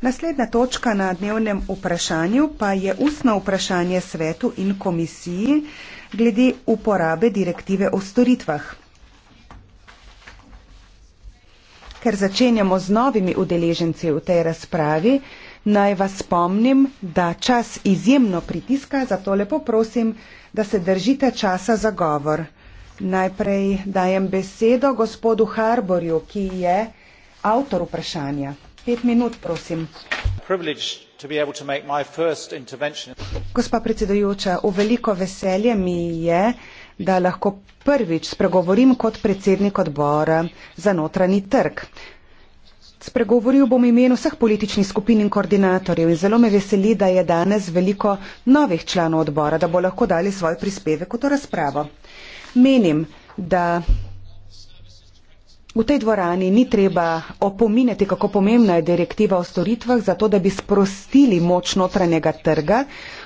Naslednja točka na dnevnem vprašanju pa je ustno vprašanje svetu in komisiji glede uporabe direktive o storitvah. Ker začenjamo z novimi udeleženci v tej razpravi, naj vas spomnim, da čas izjemno pritiska, zato lepo prosim, da se držite časa za govor. Najprej dajem besedo gospodu Harborju, ki je avtor vprašanja gospa predsedujoča v veliko veselje mi je da lahko prvič spregovorim kot predsednik odbora za notranji trg. Spregovoril bom imen vseh političnih skupin in koordinatorjev in zelo me veseli, da je danes veliko novih članov odbora, da bo lahko dali svoj prispevek v to razpravo. Menim, da V tej dvorani ni treba opominjati, kako pomembna je direktiva o storitvah, zato da bi sprostili moč notranjega trga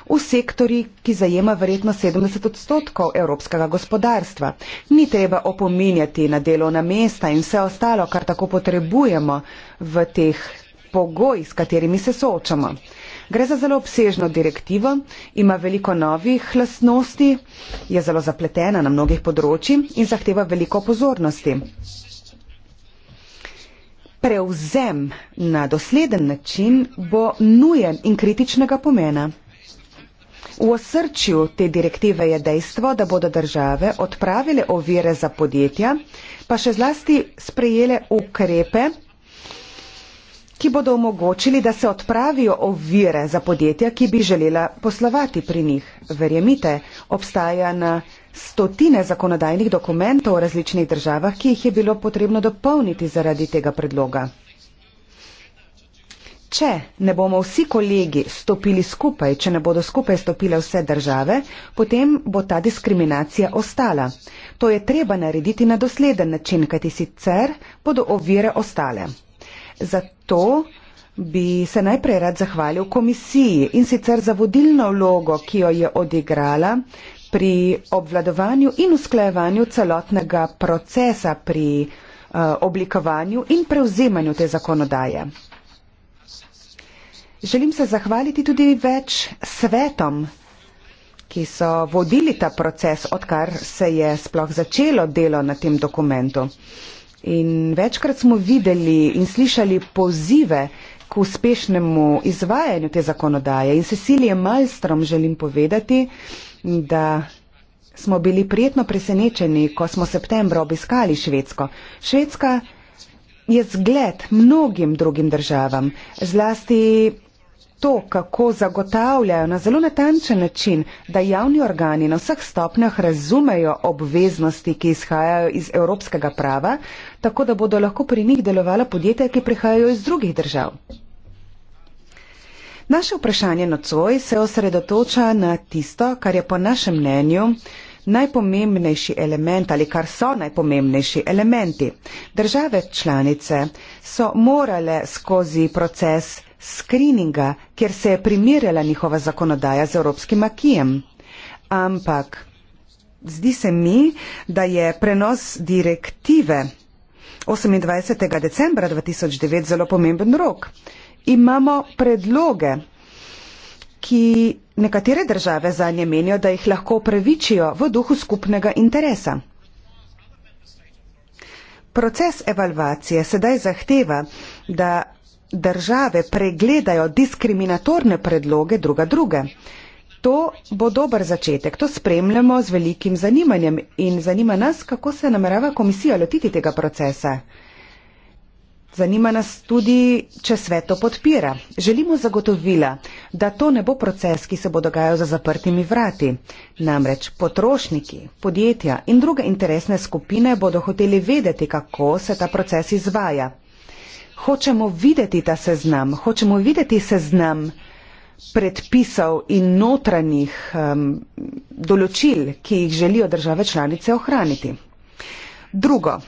v sektori, ki zajema verjetno 70 odstotkov evropskega gospodarstva. Ni treba opominjati na delovna mesta in vse ostalo, kar tako potrebujemo v teh pogojih, s katerimi se soočamo. Gre za zelo obsežno direktivo, ima veliko novih lasnosti, je zelo zapletena na mnogih področjih in zahteva veliko pozornosti prevzem na dosleden način bo nujen in kritičnega pomena. V osrčju te direktive je dejstvo, da bodo države odpravile ovire za podjetja, pa še zlasti sprejele ukrepe, ki bodo omogočili, da se odpravijo ovire za podjetja, ki bi želela poslovati pri njih. Verjemite, obstaja na stotine zakonodajnih dokumentov v različnih državah, ki jih je bilo potrebno dopolniti zaradi tega predloga. Če ne bomo vsi kolegi stopili skupaj, če ne bodo skupaj stopile vse države, potem bo ta diskriminacija ostala. To je treba narediti na dosleden način, kajti sicer bodo ovire ostale. Zato bi se najprej rad zahvalil komisiji in sicer za vodilno vlogo, ki jo je odigrala pri obvladovanju in usklajevanju celotnega procesa pri eh, oblikovanju in prevzemanju te zakonodaje. Želim se zahvaliti tudi več svetom, ki so vodili ta proces, odkar se je sploh začelo delo na tem dokumentu. In večkrat smo videli in slišali pozive k uspešnemu izvajanju te zakonodaje. In Cecilije Malstrom želim povedati, da smo bili prijetno presenečeni, ko smo septembra obiskali Švedsko. Švedska je zgled mnogim drugim državam, zlasti to, kako zagotavljajo na zelo natančen način, da javni organi na vseh stopnjah razumejo obveznosti, ki izhajajo iz evropskega prava, tako da bodo lahko pri njih delovala podjetja, ki prihajajo iz drugih držav. Naše vprašanje nocoj se osredotoča na tisto, kar je po našem mnenju najpomembnejši element ali kar so najpomembnejši elementi. Države članice so morale skozi proces skrininga, kjer se je primirjala njihova zakonodaja z evropskim akijem. Ampak zdi se mi, da je prenos direktive 28. decembra 2009 zelo pomemben rok imamo predloge, ki nekatere države zanje menijo, da jih lahko pravičijo v duhu skupnega interesa. Proces evalvacije sedaj zahteva, da države pregledajo diskriminatorne predloge druga druge. To bo dober začetek, to spremljamo z velikim zanimanjem in zanima nas, kako se namerava komisija lotiti tega procesa. Zanima nas tudi, če svet to podpira. Želimo zagotovila, da to ne bo proces, ki se bo dogajal za zaprtimi vrati. Namreč potrošniki, podjetja in druge interesne skupine bodo hoteli vedeti, kako se ta proces izvaja. Hočemo videti ta seznam, hočemo videti seznam predpisov in notranjih um, določil, ki jih želijo države članice ohraniti. Drugo.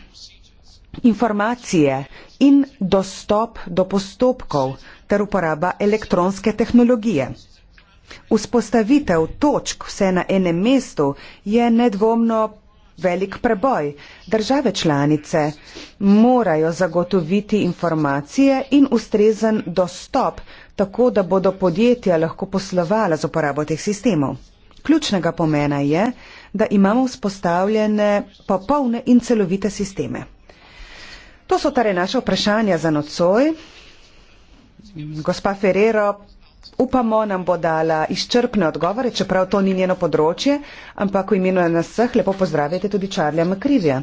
Informacije, in dostop do postopkov ter uporaba elektronske tehnologije. Vzpostavitev točk vse na enem mestu je nedvomno velik preboj. Države članice morajo zagotoviti informacije in ustrezen dostop, tako da bodo podjetja lahko poslovala z uporabo teh sistemov. Ključnega pomena je, da imamo vzpostavljene popolne in celovite sisteme. To so torej naše vprašanja za nocoj. Gospa Ferrero, upamo, nam bo dala izčrpne odgovore, čeprav to ni njeno področje, ampak v imenu nas vseh lepo pozdravite tudi Čarlja Makrivja.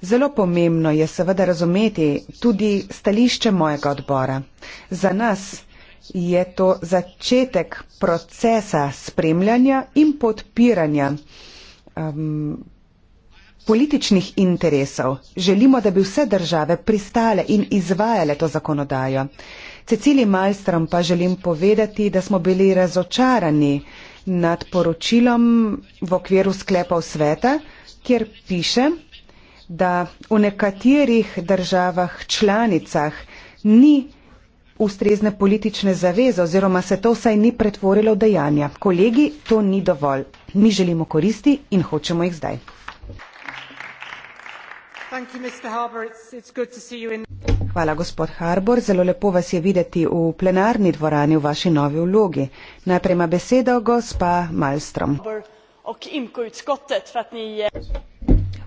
Zelo pomembno je seveda razumeti tudi stališče mojega odbora. Za nas je to začetek procesa spremljanja in podpiranja. Um, političnih interesov. Želimo, da bi vse države pristale in izvajale to zakonodajo. Cecili Malstrom pa želim povedati, da smo bili razočarani nad poročilom v okviru sklepov sveta, kjer piše, da v nekaterih državah članicah ni ustrezne politične zaveze oziroma se to vsaj ni pretvorilo v dejanja. Kolegi, to ni dovolj. Mi želimo koristi in hočemo jih zdaj. Hvala, gospod Harbor. Zelo lepo vas je videti v plenarni dvorani v vaši novi vlogi. Najprej ima besedo gospa Malmström. Eh,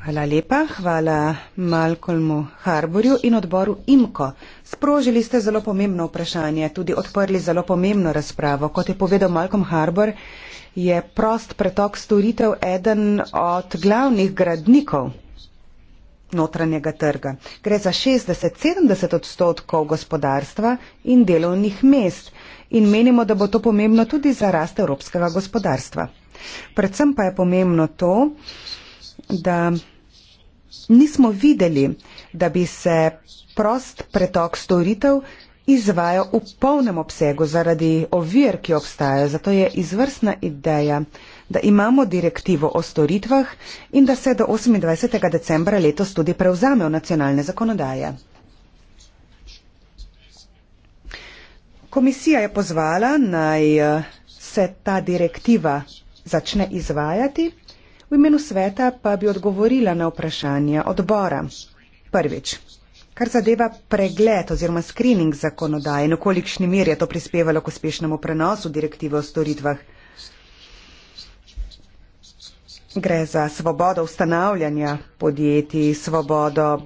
hvala lepa, hvala Malcolmu Harborju in odboru IMKO. Sprožili ste zelo pomembno vprašanje, tudi odprli zelo pomembno razpravo. Kot je povedal Malcolm Harbor, je prost pretok storitev eden od glavnih gradnikov notranjega trga. Gre za 60-70 odstotkov gospodarstva in delovnih mest in menimo, da bo to pomembno tudi za rast evropskega gospodarstva. Predvsem pa je pomembno to, da nismo videli, da bi se prost pretok storitev izvajal v polnem obsegu zaradi ovir, ki obstajajo. Zato je izvrstna ideja da imamo direktivo o storitvah in da se do 28. decembra letos tudi prevzame v nacionalne zakonodaje. Komisija je pozvala naj eh, se ta direktiva začne izvajati, v imenu sveta pa bi odgovorila na vprašanje odbora. Prvič, kar zadeva pregled oziroma screening zakonodaje, na kolikšni mir je to prispevalo k uspešnemu prenosu direktive o storitvah. Gre za svobodo ustanavljanja podjetij, svobodo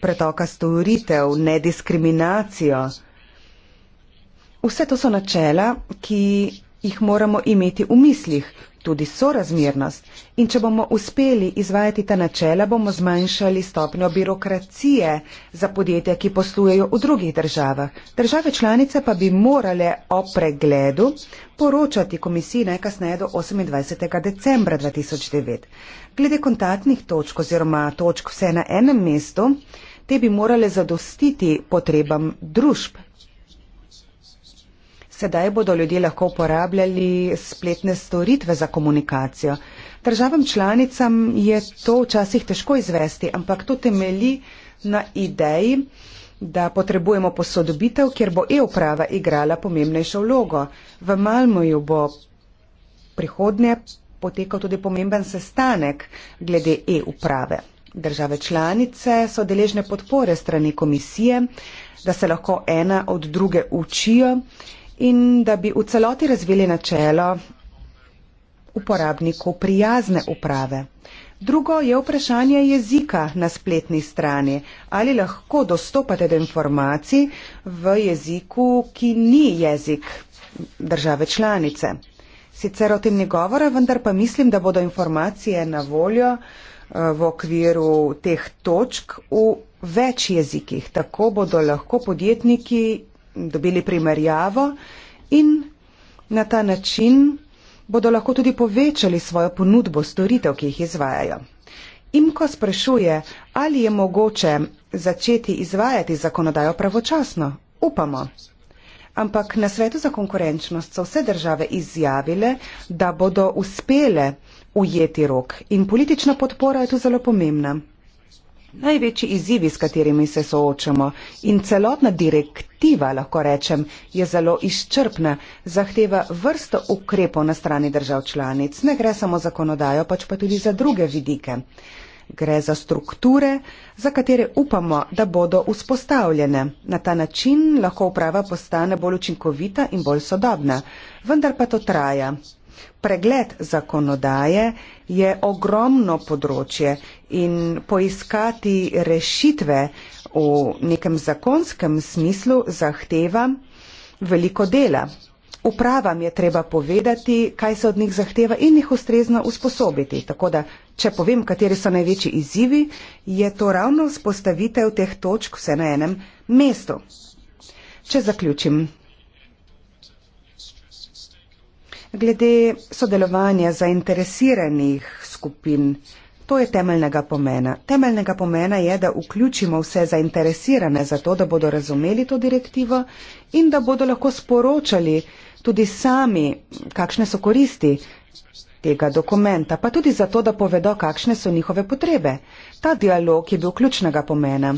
pretoka storitev, nediskriminacijo. Vse to so načela, ki jih moramo imeti v mislih, tudi sorazmernost. In če bomo uspeli izvajati ta načela, bomo zmanjšali stopnjo birokracije za podjetja, ki poslujejo v drugih državah. Države članice pa bi morale o pregledu poročati komisiji najkasneje do 28. decembra 2009. Glede kontaktnih točk oziroma točk vse na enem mestu, te bi morale zadostiti potrebam družb sedaj bodo ljudje lahko uporabljali spletne storitve za komunikacijo. Državam članicam je to včasih težko izvesti, ampak to temelji na ideji, da potrebujemo posodobitev, kjer bo e-uprava igrala pomembnejšo vlogo. V Malmoju bo prihodnje potekal tudi pomemben sestanek glede e-uprave. Države članice so deležne podpore strani komisije, da se lahko ena od druge učijo in da bi v celoti razvili načelo uporabniku prijazne uprave. Drugo je vprašanje jezika na spletni strani. Ali lahko dostopate do informacij v jeziku, ki ni jezik države članice? Sicer o tem ni govora, vendar pa mislim, da bodo informacije na voljo eh, v okviru teh točk v več jezikih. Tako bodo lahko podjetniki dobili primerjavo in na ta način bodo lahko tudi povečali svojo ponudbo storitev, ki jih izvajajo. Imko sprašuje, ali je mogoče začeti izvajati zakonodajo pravočasno. Upamo. Ampak na svetu za konkurenčnost so vse države izjavile, da bodo uspele ujeti rok in politična podpora je tu zelo pomembna. Največji izzivi, s katerimi se soočamo in celotna direktiva, lahko rečem, je zelo izčrpna, zahteva vrsto ukrepov na strani držav članic. Ne gre samo zakonodajo, pač pa tudi za druge vidike. Gre za strukture, za katere upamo, da bodo vzpostavljene. Na ta način lahko uprava postane bolj učinkovita in bolj sodobna. Vendar pa to traja. Pregled zakonodaje je ogromno področje in poiskati rešitve v nekem zakonskem smislu zahteva veliko dela. Upravam je treba povedati, kaj se od njih zahteva in jih ustrezno usposobiti. Tako da, če povem, kateri so največji izzivi, je to ravno vzpostavitev teh točk vse na enem mestu. Če zaključim. Glede sodelovanja zainteresiranih skupin To je temeljnega pomena. Temeljnega pomena je, da vključimo vse zainteresirane za to, da bodo razumeli to direktivo in da bodo lahko sporočali tudi sami, kakšne so koristi tega dokumenta, pa tudi zato, da povedo, kakšne so njihove potrebe. Ta dialog je bil ključnega pomena.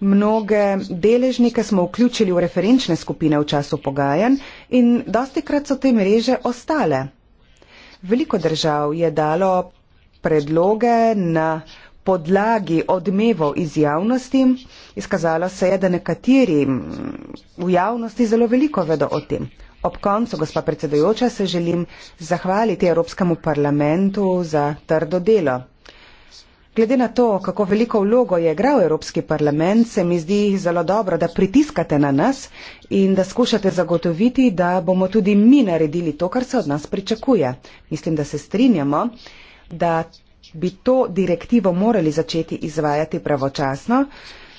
Mnoge deležnike smo vključili v referenčne skupine v času pogajanj in dosti krat so te mreže ostale. Veliko držav je dalo predloge na podlagi odmevov iz javnosti. Izkazalo se je, da nekateri v javnosti zelo veliko vedo o tem. Ob koncu, gospa predsedojoča, se želim zahvaliti Evropskemu parlamentu za trdo delo. Glede na to, kako veliko vlogo je igral Evropski parlament, se mi zdi zelo dobro, da pritiskate na nas in da skušate zagotoviti, da bomo tudi mi naredili to, kar se od nas pričakuje. Mislim, da se strinjamo da bi to direktivo morali začeti izvajati pravočasno,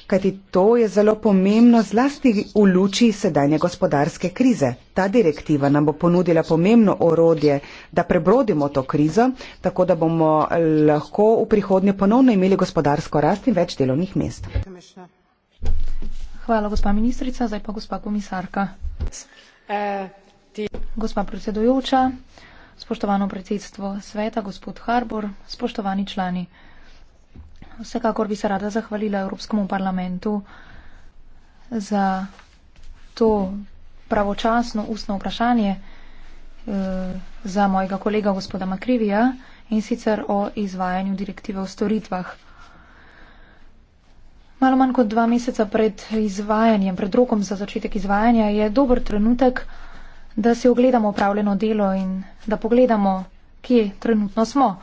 kajti to je zelo pomembno zlasti v luči sedanje gospodarske krize. Ta direktiva nam bo ponudila pomembno orodje, da prebrodimo to krizo, tako da bomo lahko v prihodnje ponovno imeli gospodarsko rast in več delovnih mest. Hvala, gospa ministrica. Zdaj pa gospa komisarka. Eh, gospa predsedujoča spoštovano predsedstvo sveta, gospod Harbor, spoštovani člani. Vsekakor bi se rada zahvalila Evropskemu parlamentu za to pravočasno ustno vprašanje eh, za mojega kolega gospoda Makrivija in sicer o izvajanju direktive o storitvah. Malo manj kot dva meseca pred izvajanjem, pred rokom za začetek izvajanja je dober trenutek, da si ogledamo upravljeno delo in da pogledamo, kje trenutno smo.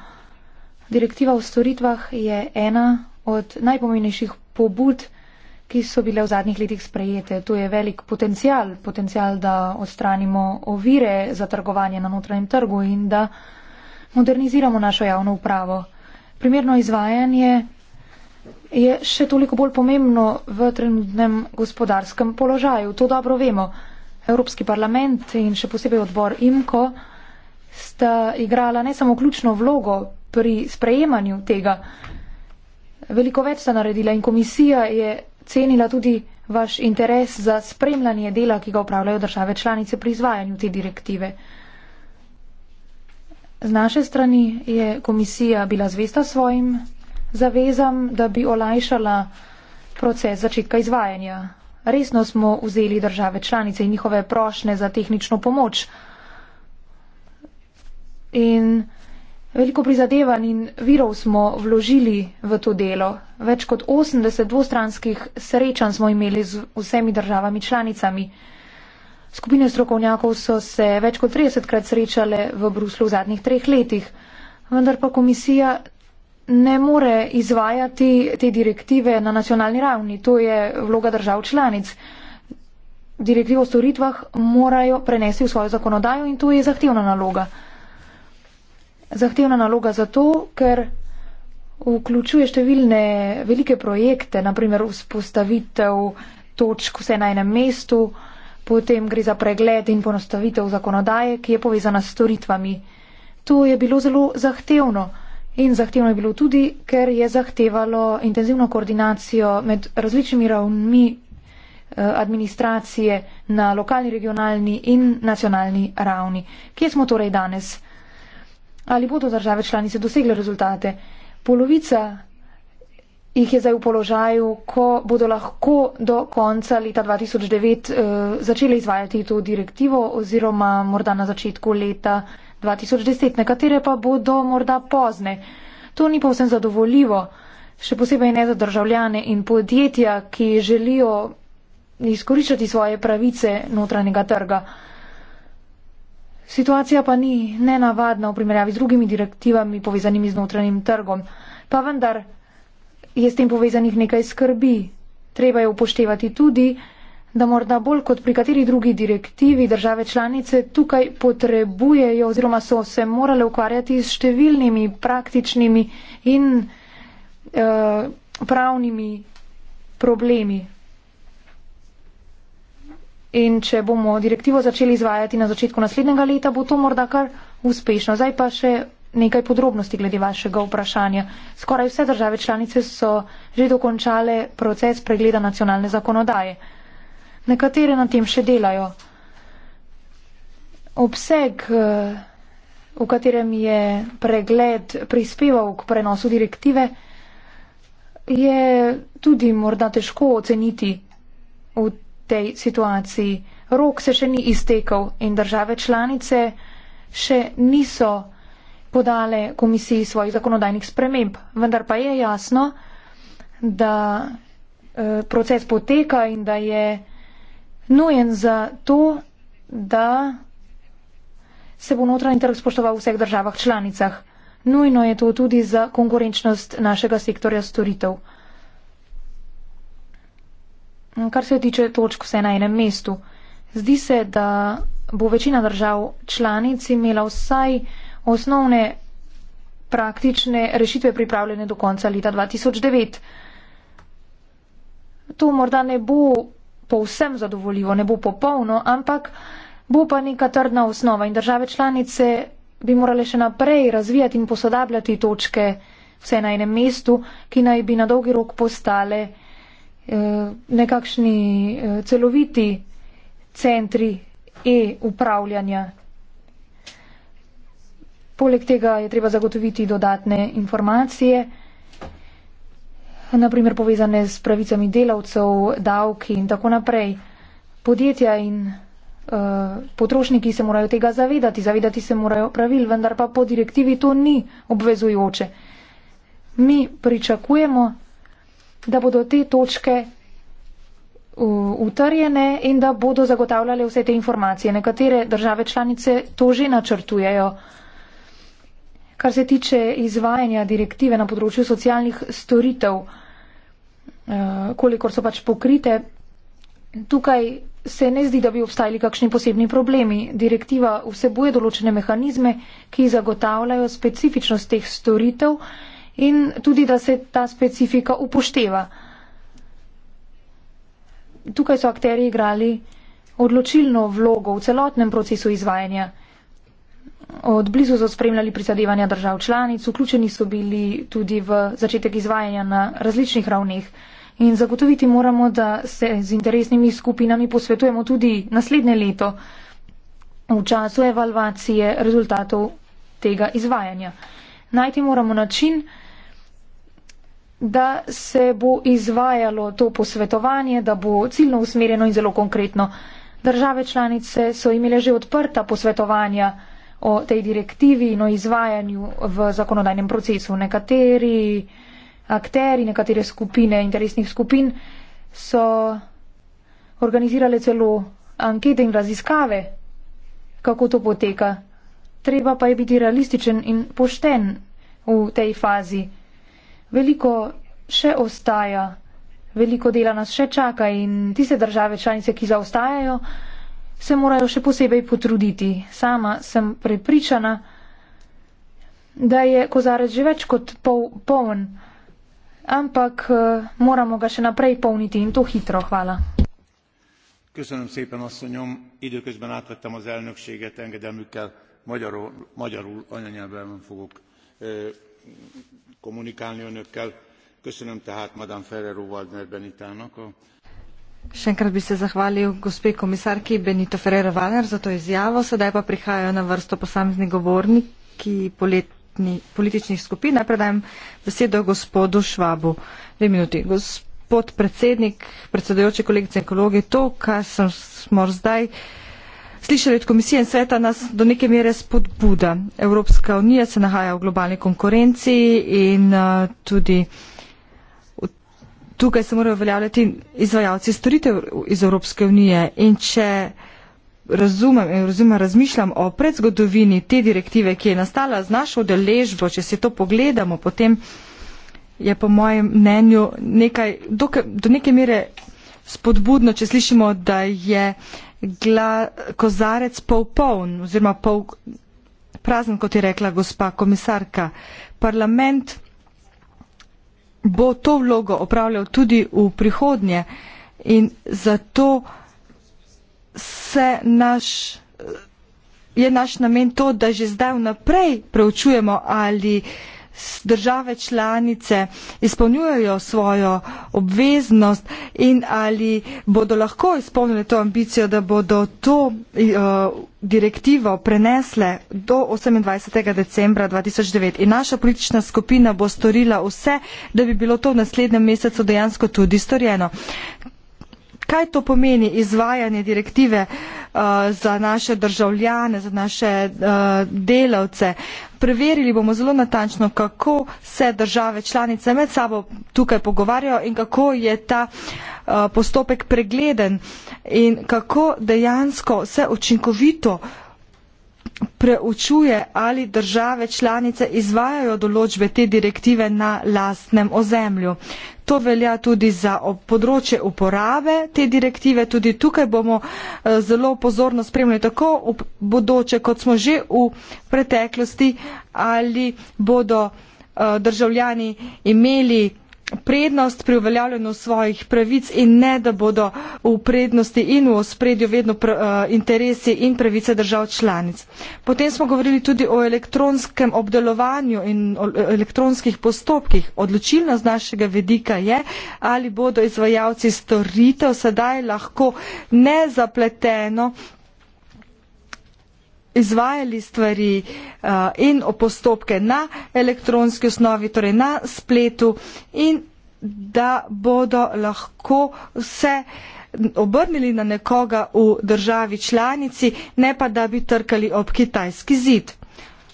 Direktiva o storitvah je ena od najpomembnejših pobud, ki so bile v zadnjih letih sprejete. To je velik potencial, potencial, da odstranimo ovire za trgovanje na notranjem trgu in da moderniziramo našo javno upravo. Primerno izvajanje je še toliko bolj pomembno v trenutnem gospodarskem položaju. To dobro vemo. Evropski parlament in še posebej odbor IMKO sta igrala ne samo ključno vlogo pri sprejemanju tega, veliko več sta naredila in komisija je cenila tudi vaš interes za spremljanje dela, ki ga upravljajo države članice pri izvajanju te direktive. Z naše strani je komisija bila zvesta svojim zavezam, da bi olajšala proces začetka izvajanja resno smo vzeli države članice in njihove prošne za tehnično pomoč. In veliko prizadevanj in virov smo vložili v to delo. Več kot 80 dvostranskih srečanj smo imeli z vsemi državami članicami. Skupine strokovnjakov so se več kot 30 krat srečale v Bruslu v zadnjih treh letih, vendar pa komisija ne more izvajati te direktive na nacionalni ravni. To je vloga držav članic. Direktivo o storitvah morajo prenesti v svojo zakonodajo in to je zahtevna naloga. Zahtevna naloga zato, ker vključuje številne velike projekte, naprimer vzpostavitev točk vse na enem mestu, potem gre za pregled in ponostavitev zakonodaje, ki je povezana s storitvami. To je bilo zelo zahtevno. In zahtevno je bilo tudi, ker je zahtevalo intenzivno koordinacijo med različnimi ravnmi eh, administracije na lokalni, regionalni in nacionalni ravni. Kje smo torej danes? Ali bodo države članice dosegle rezultate? Polovica jih je zdaj v položaju, ko bodo lahko do konca leta 2009 uh, začeli izvajati to direktivo oziroma morda na začetku leta 2010, nekatere pa bodo morda pozne. To ni povsem zadovoljivo, še posebej ne za državljane in podjetja, ki želijo izkoriščati svoje pravice notranjega trga. Situacija pa ni nenavadna v primerjavi z drugimi direktivami povezanimi z notranjim trgom. Pa vendar je s tem povezanih nekaj skrbi. Treba je upoštevati tudi, da morda bolj kot pri kateri drugi direktivi države članice tukaj potrebujejo oziroma so se morale ukvarjati s številnimi praktičnimi in eh, pravnimi problemi. In če bomo direktivo začeli izvajati na začetku naslednjega leta, bo to morda kar uspešno. Zdaj pa še nekaj podrobnosti glede vašega vprašanja. Skoraj vse države članice so že dokončale proces pregleda nacionalne zakonodaje nekatere na tem še delajo. Obseg, eh, v katerem je pregled prispeval k prenosu direktive, je tudi morda težko oceniti v tej situaciji. Rok se še ni iztekel in države članice še niso podale komisiji svojih zakonodajnih sprememb. Vendar pa je jasno, da eh, proces poteka in da je nujen za to, da se bo notranji trg spoštoval v vseh državah članicah. Nujno je to tudi za konkurenčnost našega sektorja storitev. Kar se tiče točk vse na enem mestu, zdi se, da bo večina držav članic imela vsaj osnovne praktične rešitve pripravljene do konca leta 2009. To morda ne bo povsem zadovoljivo, ne bo popolno, ampak bo pa neka trdna osnova in države članice bi morale še naprej razvijati in posodabljati točke vse na enem mestu, ki naj bi na dolgi rok postale eh, nekakšni eh, celoviti centri e-upravljanja. Poleg tega je treba zagotoviti dodatne informacije naprimer povezane s pravicami delavcev, davki in tako naprej. Podjetja in uh, potrošniki se morajo tega zavedati, zavedati se morajo pravil, vendar pa po direktivi to ni obvezujoče. Mi pričakujemo, da bodo te točke eh, utrjene in da bodo zagotavljale vse te informacije. Nekatere države članice to že načrtujejo. Kar se tiče izvajanja direktive na področju socialnih storitev, Eh, kolikor so pač pokrite. Tukaj se ne zdi, da bi obstajali kakšni posebni problemi. Direktiva vseboje določene mehanizme, ki zagotavljajo specifičnost teh storitev in tudi, da se ta specifika upošteva. Tukaj so akteri igrali odločilno vlogo v celotnem procesu izvajanja. Od blizu so spremljali prizadevanja držav članic, vključeni so bili tudi v začetek izvajanja na različnih ravneh in zagotoviti moramo, da se z interesnimi skupinami posvetujemo tudi naslednje leto v času evalvacije rezultatov tega izvajanja. Najti moramo način, da se bo izvajalo to posvetovanje, da bo ciljno usmerjeno in zelo konkretno. Države članice so imele že odprta posvetovanja o tej direktivi in o izvajanju v zakonodajnem procesu. Nekateri uh, akteri, nekatere skupine interesnih skupin so organizirale celo ankete in raziskave, kako to poteka. Treba pa je biti realističen in pošten v tej fazi. Veliko še ostaja, veliko dela nas še čaka in tiste države članice, ki zaostajajo, se morajo še posebej potruditi. Sama sem prepričana, da je kozarec že več kot pol, poln ampak eh, moramo ga še naprej polniti in to hitro. Hvala. Köszönöm szépen, asszonyom. Időközben átvettem az elnökséget, engedelmükkel magyarul, magyarul anyanyelvben fogok ö, eh, kommunikálni önökkel. Köszönöm tehát Madame Ferrero Waldner Benitának. A... Še enkrat bi se zahvalil gospe komisarki Benito Ferrero Waldner za to izjavo. Sedaj pa prihajajo na vrsto posamezni govorniki po let, politni, političnih skupin. Najprej dajem besedo gospodu Švabu. Dve minuti. Gospod predsednik, predsedujoči kolegice in kolege, to, kar smo zdaj slišali od komisije in sveta, nas do neke mere spodbuda. Evropska unija se nahaja v globalni konkurenciji in uh, tudi. Tukaj se morajo uveljavljati izvajalci storitev iz Evropske unije. In če razumem in razumem, razmišljam o predzgodovini te direktive, ki je nastala z našo deležbo, če se to pogledamo, potem je po mojem mnenju nekaj, do, do neke mere spodbudno, če slišimo, da je gla, kozarec polpoln oziroma pol prazen, kot je rekla gospa komisarka. Parlament bo to vlogo opravljal tudi v prihodnje in zato se naš, je naš namen to, da že zdaj vnaprej preučujemo, ali države članice izpolnjujejo svojo obveznost in ali bodo lahko izpolnili to ambicijo, da bodo to uh, direktivo prenesle do 28. decembra 2009. In naša politična skupina bo storila vse, da bi bilo to v naslednjem mesecu dejansko tudi storjeno kaj to pomeni izvajanje direktive uh, za naše državljane, za naše uh, delavce. Preverili bomo zelo natančno, kako se države članice med sabo tukaj pogovarjajo in kako je ta uh, postopek pregleden in kako dejansko se učinkovito uh, preučuje, ali države članice izvajajo določbe te direktive na lastnem ozemlju. To velja tudi za področje uporabe te direktive. Tudi tukaj bomo eh, zelo pozorno spremljali tako v bodoče, kot smo že v preteklosti, ali bodo eh, državljani imeli prednost pri uveljavljanju svojih pravic in ne, da bodo v prednosti in v spredju vedno pr, uh, interesi in pravice držav članic. Potem smo govorili tudi o elektronskem obdelovanju in o eh, elektronskih postopkih. Odločilnost našega vedika je, ali bodo izvajalci storitev sedaj lahko nezapleteno izvajali stvari eh, in postopke na elektronski osnovi, torej na spletu in da bodo lahko vse obrnili na nekoga v državi članici, ne pa da bi trkali ob kitajski zid.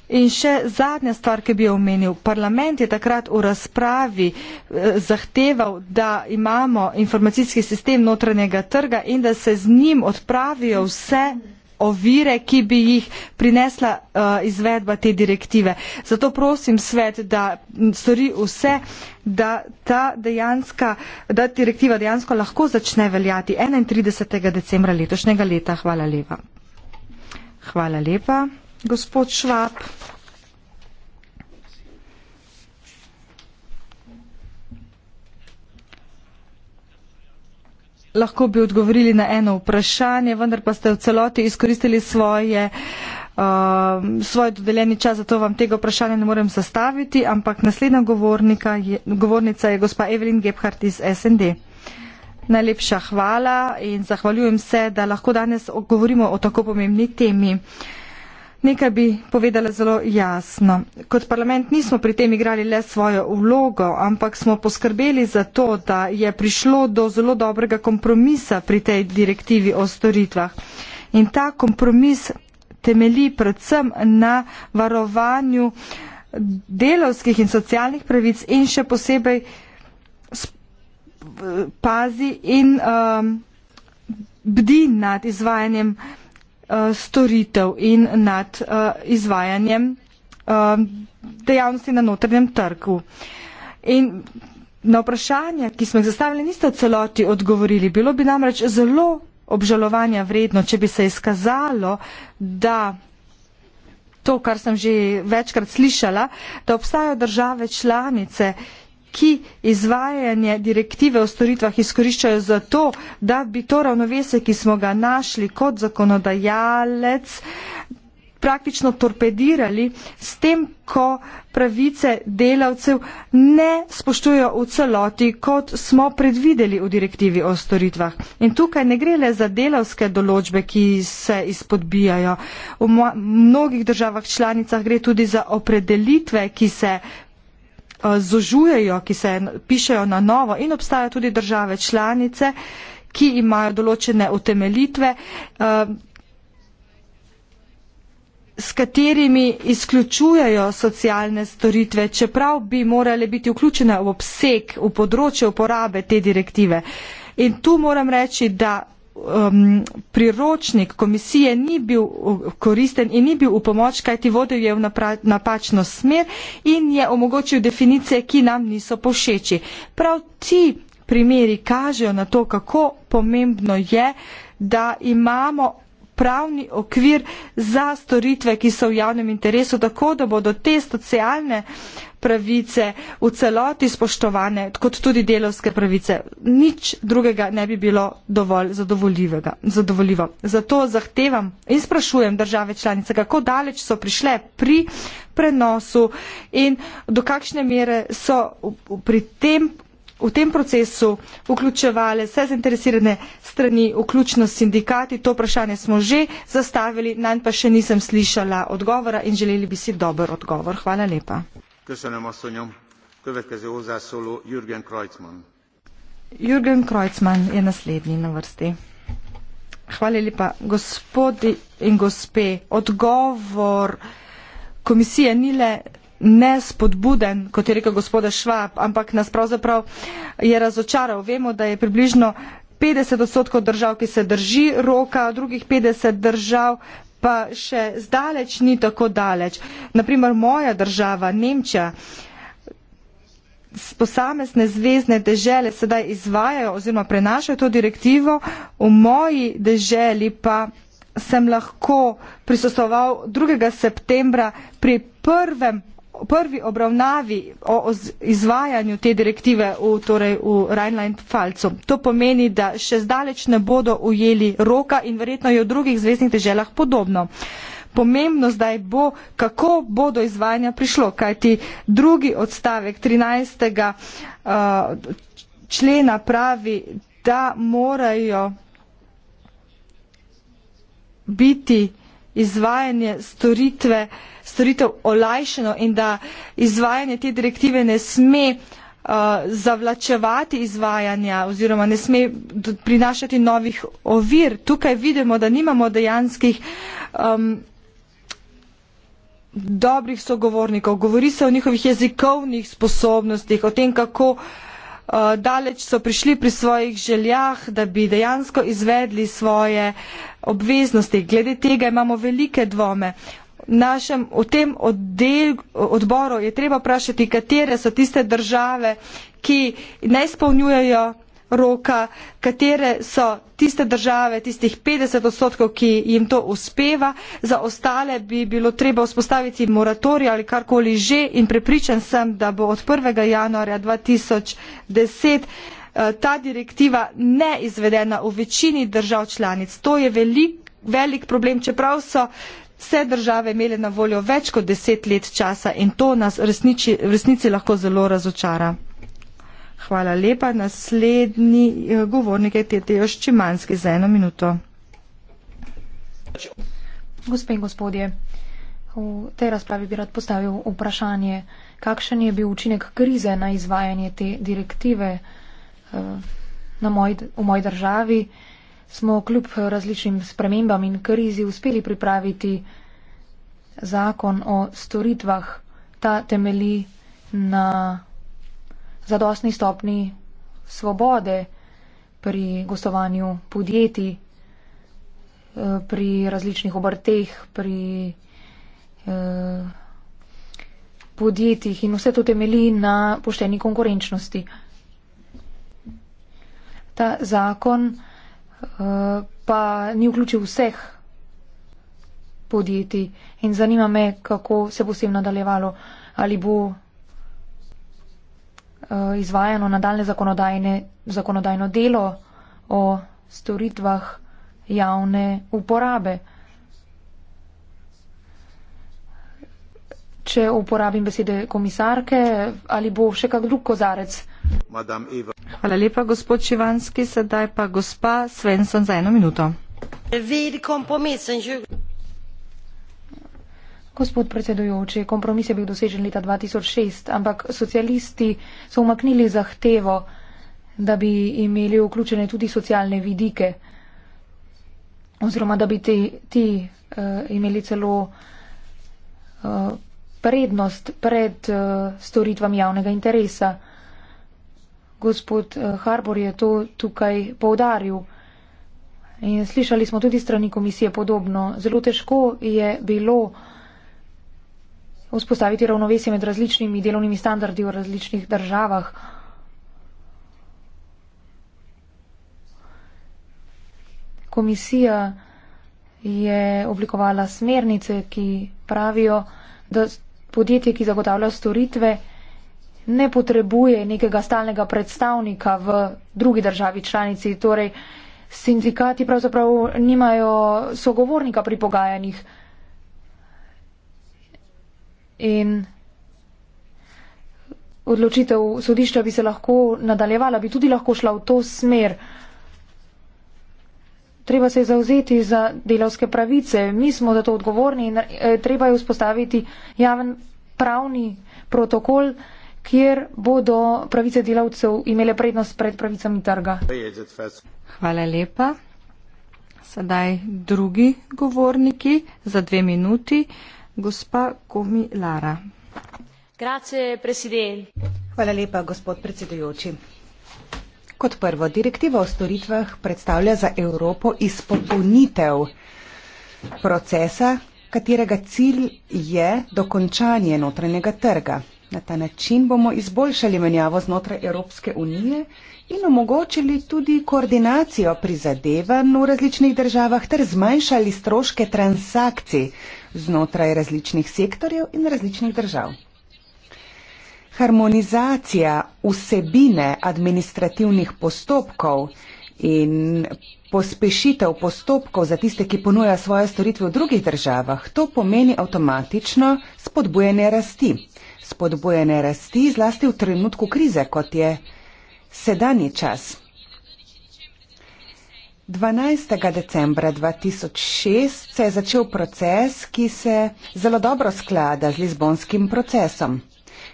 In še zadnja stvar, ki bi jo omenil. Parlament je takrat v razpravi eh, zahteval, da imamo informacijski sistem notranjega trga in da se z njim odpravijo vse ovire, ki bi jih prinesla uh, izvedba te direktive. Zato prosim svet, da stori vse, da ta dejanska, da direktiva dejansko lahko začne veljati 31. decembra letošnjega leta. Hvala lepa. Hvala lepa, gospod Švab. lahko bi odgovorili na eno vprašanje, vendar pa ste v celoti izkoristili svoje, uh, svoj dodeljeni čas, zato vam tega vprašanja ne morem zastaviti, ampak naslednja je, govornica je gospa Evelyn Gebhardt iz SND. Najlepša hvala in zahvaljujem se, da lahko danes govorimo o tako pomembni temi. Uh, Nekaj bi povedala zelo jasno. Kot parlament nismo pri tem igrali le svojo vlogo, ampak smo poskrbeli za to, da je prišlo do zelo dobrega kompromisa pri tej direktivi o storitvah. In ta kompromis temeli predvsem na varovanju delovskih in socialnih pravic in še posebej pazi in um, bdi nad izvajanjem Eh, storitev in nad eh, izvajanjem eh, dejavnosti na notrnem trgu. In na vprašanja, ki smo jih zastavili, niste v celoti odgovorili. Bilo bi namreč zelo obžalovanja vredno, če bi se izkazalo, da to, kar sem že večkrat slišala, da obstajajo države članice, ki izvajanje direktive o storitvah izkoriščajo za to, da bi to ravnovese, ki smo ga našli kot zakonodajalec, praktično torpedirali s tem, ko pravice delavcev ne spoštujo v celoti, kot smo predvideli v direktivi o storitvah. In tukaj ne gre le za delavske določbe, ki se izpodbijajo. V mnogih državah članicah gre tudi za opredelitve, ki se Eh, zožujejo, ki se pišejo na novo in obstajajo tudi države članice, ki imajo določene utemelitve, eh, s katerimi izključujejo socialne storitve, čeprav bi morale biti vključene v obseg, v področje uporabe te direktive. In tu moram reči, da um, priročnik komisije ni bil uh, koristen in ni bil v pomoč, kajti vodil je v napačno smer in je omogočil definicije, ki nam niso pošeči. Prav ti primeri kažejo na to, kako pomembno je, da imamo pravni okvir za storitve, ki so v javnem interesu, tako da bodo te socialne pravice v celoti spoštovane, kot tudi delovske pravice. Nič drugega ne bi bilo dovolj zadovoljivo. Zato zahtevam in sprašujem države članice, kako daleč so prišle pri prenosu in do kakšne mere so pri tem v tem procesu vključevale vse zainteresirane strani, vključno s sindikati. To vprašanje smo že zastavili, nanj pa še nisem slišala odgovora in želeli bi si dober odgovor. Hvala lepa. Jürgen Kreutzmann je naslednji na vrsti. Hvala lepa. Gospodi in gospe, odgovor komisije ni le nespodbuden kot je rekel gospod schwab ampak nas pravzaprav je razočaral vemo da je približno petdeset odstotkov držav ki se drži roka drugih petdeset držav pa še zdaleč ni tako daleč naprimer moja država nemčija posamezne zvezdne dežele sedaj izvajajo oziroma prenašajo to direktivo v moji deželi pa sem lahko prisostoval 2. septembra pri prvem prvi obravnavi o izvajanju te direktive v, torej v Rheinland-Pfalcu. To pomeni, da še zdaleč ne bodo ujeli roka in verjetno je v drugih zvezdnih deželah podobno. Pomembno zdaj bo, kako bo do izvajanja prišlo, kajti drugi odstavek 13. Eh, člena pravi, da morajo biti izvajanje storitve, storitev olajšeno in da izvajanje te direktive ne sme uh, zavlačevati izvajanja oziroma ne sme prinašati novih ovir. Tukaj vidimo, da nimamo dejanskih um, dobrih sogovornikov. Govori se o njihovih jezikovnih sposobnostih, o tem, kako uh, Eh, daleč so prišli pri svojih željah, da bi dejansko izvedli svoje obveznosti. Glede tega imamo velike dvome. Našem, v tem oddel, odboru je treba vprašati, katere so tiste države, ki ne izpolnjujejo roka, katere so tiste države, tistih 50 odstotkov, ki jim to uspeva, za ostale bi bilo treba vzpostaviti moratorij ali karkoli že in prepričan sem, da bo od 1. januarja 2010 eh, ta direktiva ne izvedena v večini držav članic. To je velik, velik problem, čeprav so vse države imele na voljo več kot deset let časa in to nas v resnici, resnici lahko zelo razočara. Hvala lepa. Naslednji eh, govornik je Tetejo Ščimanski za eno minuto. Gospe in gospodje, v tej razpravi bi rad postavil vprašanje, kakšen je bil učinek krize na izvajanje te direktive eh, na moj, v moji državi. Smo kljub različnim spremembam in krizi uspeli pripraviti zakon o storitvah. Ta temeli na zadostni stopni svobode pri gostovanju podjetij, eh, pri različnih obrteh, pri eh, podjetjih in vse to temeli na pošteni konkurenčnosti. Ta zakon eh, pa ni vključil vseh podjetij in zanima me, kako se bo s tem nadaljevalo, ali bo Eh, izvajano nadaljne zakonodajno delo o storitvah javne uporabe. Če uporabim besede komisarke, ali bo še kak drug kozarec? Hvala lepa, gospod Čivanski. Sedaj pa gospa Svensson za eno minuto. Gospod predsedujoči, kompromis je bil dosežen leta 2006, ampak socialisti so umaknili zahtevo, da bi imeli vključene tudi socialne vidike oziroma da bi ti, ti uh, eh, imeli celo uh, prednost pred uh, storitvami javnega interesa. Gospod uh, Harbor je to tukaj povdaril. In slišali smo tudi strani komisije podobno. Zelo težko je bilo uh, vzpostaviti ravnovesje med različnimi delovnimi standardi v različnih državah. Komisija je oblikovala smernice, ki pravijo, da podjetje, ki zagotavlja storitve, ne potrebuje nekega stalnega predstavnika v drugi državi članici. Torej, sindikati pravzaprav nimajo sogovornika pri pogajanjih in odločitev sodišča bi se lahko nadaljevala, bi tudi lahko šla v to smer. Treba se zauzeti za delavske pravice, mi smo za to odgovorni in eh, treba je vzpostaviti javen pravni protokol, kjer bodo pravice delavcev imele prednost pred pravicami trga. Hvala lepa. Sedaj drugi govorniki za dve minuti. Kot prvo, direktiva o storitvah predstavlja za Evropo izpopolnitev procesa, katerega cilj je dokončanje notranjega trga. Na ta način bomo izboljšali menjavo znotraj Evropske unije in omogočili tudi koordinacijo prizadevanj v različnih državah ter zmanjšali stroške transakcij, znotraj različnih sektorjev in različnih držav. Harmonizacija vsebine administrativnih postopkov in pospešitev postopkov za tiste, ki ponujajo svoje storitve v drugih državah, to pomeni avtomatično spodbujanje rasti. Spodbujanje rasti zlasti v trenutku krize, kot je sedanji čas. 12. decembra 2006 se je začel proces, ki se zelo dobro sklada z Lizbonskim procesom.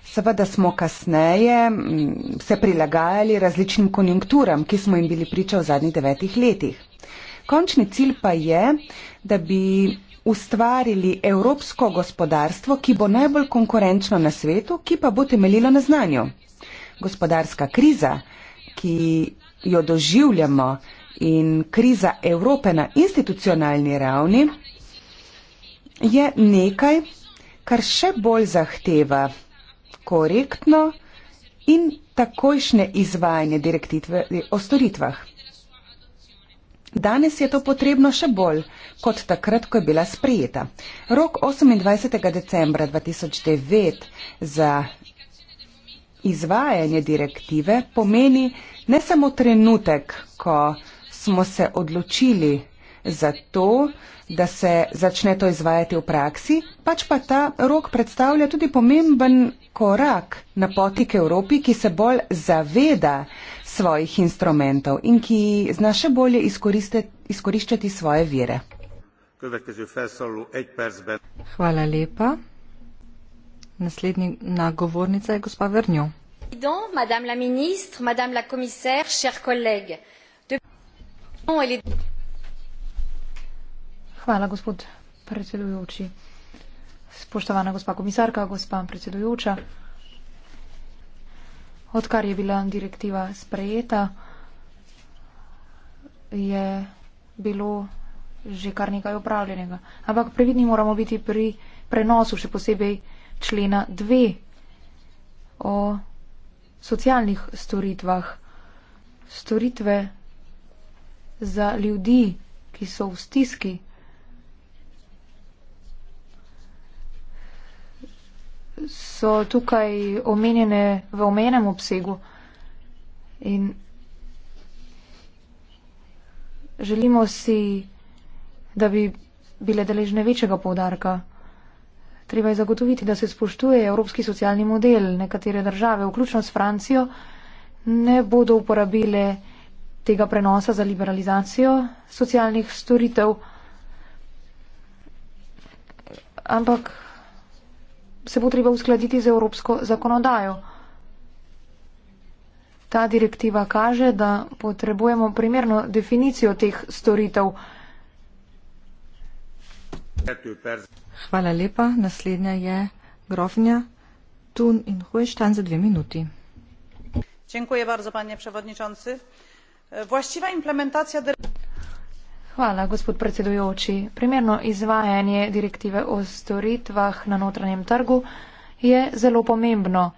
Seveda smo kasneje mm, se prilagajali različnim konjunkturam, ki smo jim bili priča v zadnjih devetih letih. Končni cilj pa je, da bi ustvarili evropsko gospodarstvo, ki bo najbolj konkurenčno na svetu, ki pa bo temeljilo na znanju. Gospodarska kriza, ki jo doživljamo, in kriza Evrope na institucionalni ravni je nekaj, kar še bolj zahteva korektno in takojšnje izvajanje direktive o storitvah. Danes je to potrebno še bolj kot takrat, ko je bila sprejeta. Rok 28. decembra 2009 za izvajanje direktive pomeni ne samo trenutek, ko smo se odločili za to, da se začne to izvajati v praksi, pač pa ta rok predstavlja tudi pomemben korak na poti k Evropi, ki se bolj zaveda svojih instrumentov in ki zna še bolje izkoriščati svoje vire. Hvala lepa. Naslednji nagovornica je gospa Vrnjo. Madame la ministre, madame la komisar, cher kolege. Hvala, gospod predsedujoči. Spoštovana gospa komisarka, gospa predsedujoča. Odkar je bila direktiva sprejeta, je bilo že kar nekaj upravljenega. Ampak previdni moramo biti pri prenosu še posebej člena 2 o socialnih storitvah. Storitve za ljudi, ki so v stiski. So tukaj omenjene v omenjenem obsegu in želimo si, da bi bile deležne večjega povdarka. Treba je zagotoviti, da se spoštuje evropski socialni model. Nekatere države, vključno s Francijo, ne bodo uporabile tega prenosa za liberalizacijo socialnih storitev. Ampak se bo treba uskladiti z evropsko zakonodajo. Ta direktiva kaže, da potrebujemo primerno definicijo teh storitev. Hvala lepa. Naslednja je grofnja Tun in Hojštan za dve minuti. Dziękuję bardzo, panie przewodniczący. Właściwa implementacja Hvala, gospod predsedujoči. Primerno izvajanje direktive o storitvah na notranjem trgu je zelo pomembno.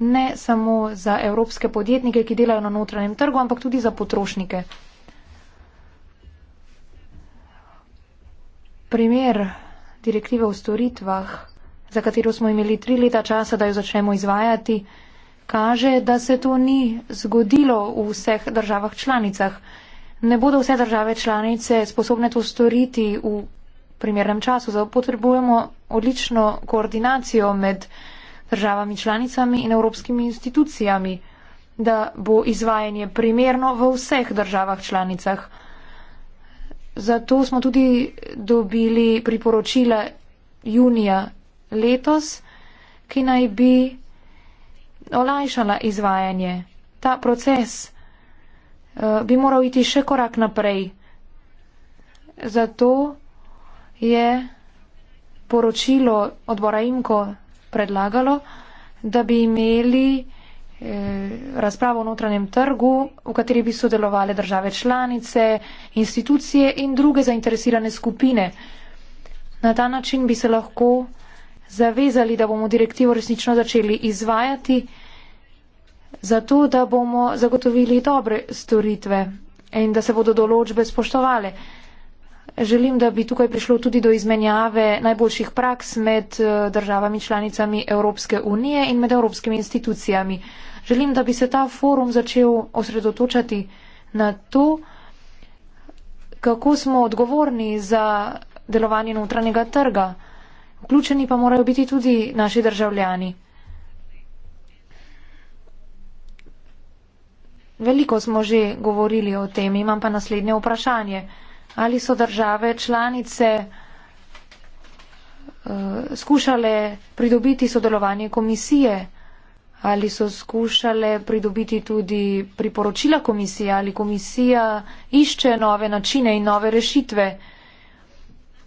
Ne samo za evropske podjetnike, ki delajo na notranjem trgu, ampak tudi za potrošnike. Primer direktive o storitvah, za katero smo imeli tri leta časa, da jo začnemo izvajati, kaže, da se to ni zgodilo v vseh državah članicah. Ne bodo vse države članice sposobne to storiti v primernem času, zato potrebujemo odlično koordinacijo med državami članicami in evropskimi institucijami, da bo izvajanje primerno v vseh državah članicah. Zato smo tudi dobili priporočila junija letos, ki naj bi olajšala izvajanje. Ta proces eh, bi moral iti še korak naprej. Zato je poročilo odbora IMKO predlagalo, da bi imeli eh, razpravo o notranjem trgu, v kateri bi sodelovali države članice, institucije in druge zainteresirane skupine. Na ta način bi se lahko zavezali, da bomo direktivo resnično začeli izvajati zato da bomo zagotovili dobre storitve in da se bodo določbe spoštovale. Želim, da bi tukaj prišlo tudi do izmenjave najboljših praks med eh, državami članicami Evropske unije in med evropskimi institucijami. Želim, da bi se ta forum začel osredotočati na to, kako smo odgovorni za delovanje notranjega trga. Vključeni pa morajo biti tudi naši državljani. Veliko smo že govorili o tem, imam pa naslednje vprašanje. Ali so države članice uh, skušale pridobiti sodelovanje komisije? Ali so skušale pridobiti tudi priporočila komisije? Ali komisija išče nove načine in nove rešitve?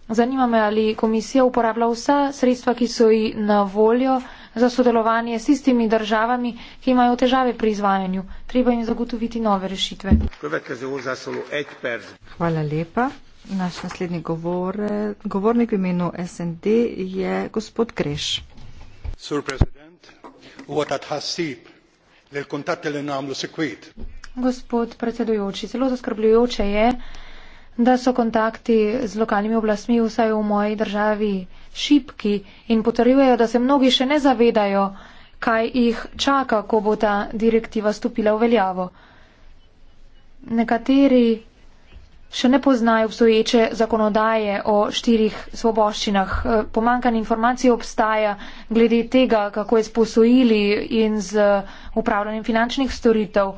Zanima me, ali komisija uporablja vsa sredstva, ki so ji na voljo za sodelovanje s istimi državami, ki imajo težave pri izvajanju. Treba jim zagotoviti nove rešitve. Hvala lepa. Naš naslednji govor, govornik v imenu SND je gospod Greš. Gospod predsedujoči, zelo zaskrbljujoče je, da so kontakti z lokalnimi oblastmi vsaj v moji državi šipki in potrjujejo, da se mnogi še ne zavedajo, kaj jih čaka, ko bo ta direktiva stopila v veljavo. Nekateri še ne poznajo obstoječe zakonodaje o štirih svoboščinah. Eh, Pomankanje informacij obstaja glede tega, kako je s posojili in z upravljanjem finančnih storitev,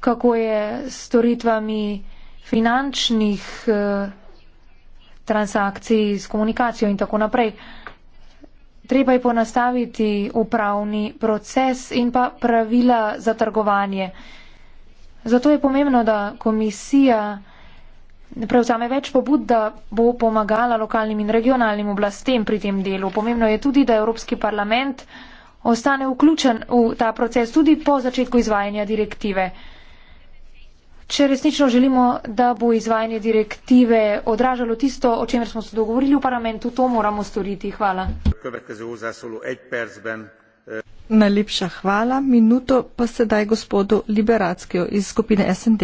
kako je s storitvami finančnih eh, transakcij s komunikacijo in tako naprej. Treba je ponastaviti upravni proces in pa pravila za trgovanje. Zato je pomembno, da komisija prevzame več pobud, da bo pomagala lokalnim in regionalnim oblastem pri tem delu. Pomembno je tudi, da Evropski parlament ostane vključen v ta proces tudi po začetku izvajanja direktive če resnično želimo, da bo izvajanje direktive odražalo tisto, o čemer smo se dogovorili v parlamentu, to moramo storiti. Hvala. Najlepša hvala. Minuto pa sedaj gospodu Liberackiju iz skupine SND.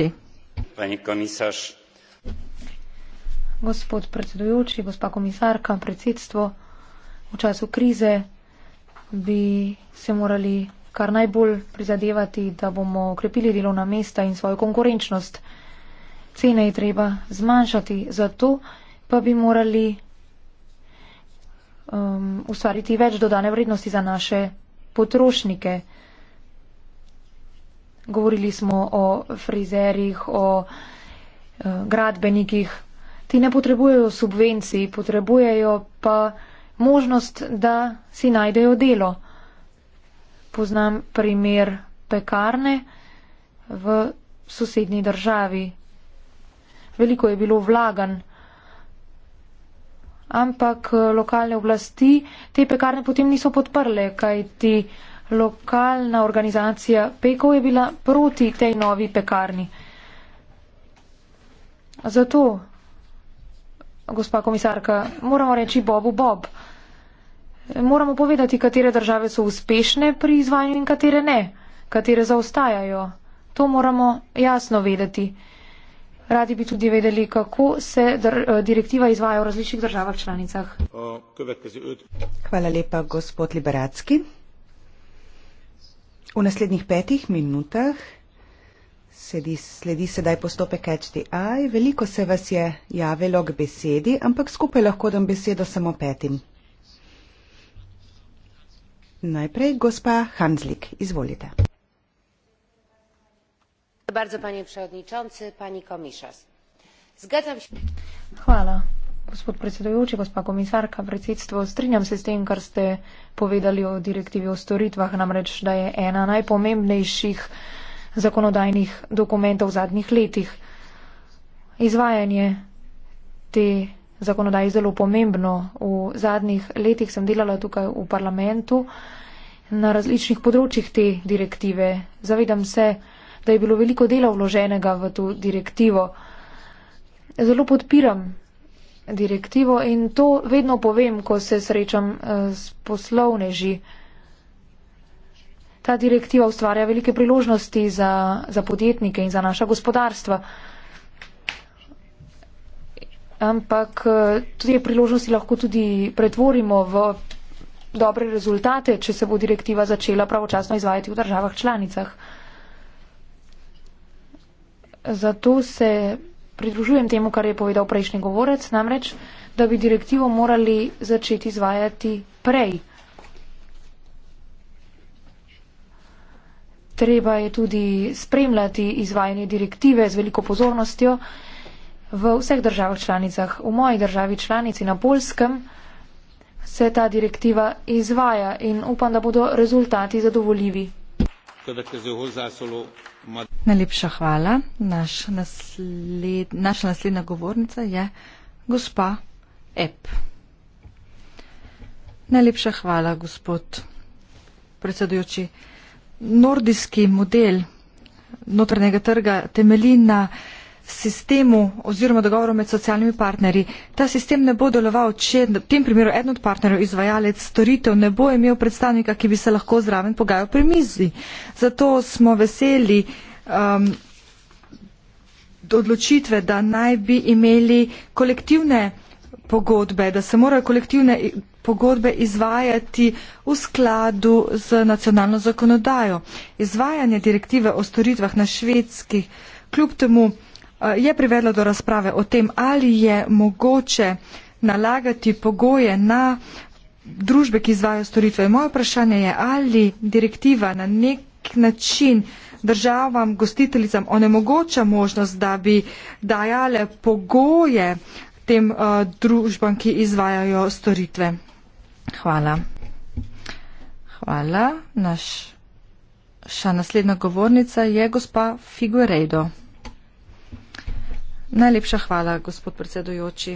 Gospod predsedujoči, gospa komisarka, predsedstvo, v času krize bi se morali kar najbolj prizadevati, da bomo okrepili delovna mesta in svojo konkurenčnost. Cene je treba zmanjšati, zato pa bi morali um, ustvariti več dodane vrednosti za naše potrošnike. Govorili smo o frizerjih, o uh, gradbenikih. Ti ne potrebujejo subvencij, potrebujejo pa možnost, da si najdejo delo poznam primer pekarne v sosednji državi. Veliko je bilo vlagan, ampak eh, lokalne oblasti te pekarne potem niso podprle, kajti lokalna organizacija pekov je bila proti tej novi pekarni. Zato, gospa komisarka, moramo reči Bobu Bob. Bob. Moramo povedati, katere države so uspešne pri izvajanju in katere ne, katere zaostajajo. To moramo jasno vedeti. Radi bi tudi vedeli, kako se eh, direktiva izvaja v različnih državah članicah. Hvala lepa, gospod Liberacki. V naslednjih petih minutah sedi, sledi sedaj postopek HDI. Veliko se vas je javilo k besedi, ampak skupaj lahko dam besedo samo petim. Najprej gospa Hanslik, izvolite. Bardzo panie przewodniczący, pani komisarz. Zgadzam się. Hvala, gospod predsedujoči, gospa komisarka, predsedstvo. Strinjam se s tem, kar ste povedali o direktivi o storitvah, namreč, da je ena najpomembnejših zakonodajnih dokumentov v zadnjih letih. Izvajanje te zakonodaji zelo pomembno. V zadnjih letih sem delala tukaj v parlamentu na različnih področjih te direktive. Zavedam se, da je bilo veliko dela vloženega v to direktivo. Zelo podpiram direktivo in to vedno povem, ko se srečam eh, s poslovneži. Ta direktiva ustvarja velike priložnosti za, za podjetnike in za naša gospodarstva ampak tudi eh, te priložnosti lahko tudi pretvorimo v dobre rezultate, če se bo direktiva začela pravočasno izvajati v državah članicah. Zato se pridružujem temu, kar je povedal prejšnji govorec, namreč, da bi direktivo morali začeti izvajati prej. Treba je tudi spremljati izvajanje direktive z veliko pozornostjo v vseh državah članicah. V moji državi članici na Polskem se ta direktiva izvaja in upam, da bodo rezultati zadovoljivi. Najlepša hvala. Naš nasled, naša naslednja govornica je gospa Ep. Najlepša hvala, gospod predsedujoči. Nordijski model notranjega trga temelji na sistemu oziroma dogovoru med socialnimi partnerji, ta sistem ne bo deloval, če v tem primeru eden od partnerjev izvajalec storitev ne bo imel predstavnika, ki bi se lahko zraven pogajal pri mizi. Zato smo veseli um, odločitve, da naj bi imeli kolektivne pogodbe, da se morajo kolektivne pogodbe izvajati v skladu z nacionalno zakonodajo. Izvajanje direktive o storitvah na švedskih, kljub temu, Eh, je privedlo do razprave o tem, ali je mogoče nalagati pogoje na družbe, ki izvajo storitve. Moje vprašanje je, ali direktiva na nek način državam, gostiteljicam onemogoča možnost, da bi dajale pogoje tem uh, družbam, ki izvajajo storitve. Hvala. Hvala. Naša naslednja govornica je gospa Figueiredo. Najlepša hvala, gospod predsedujoči.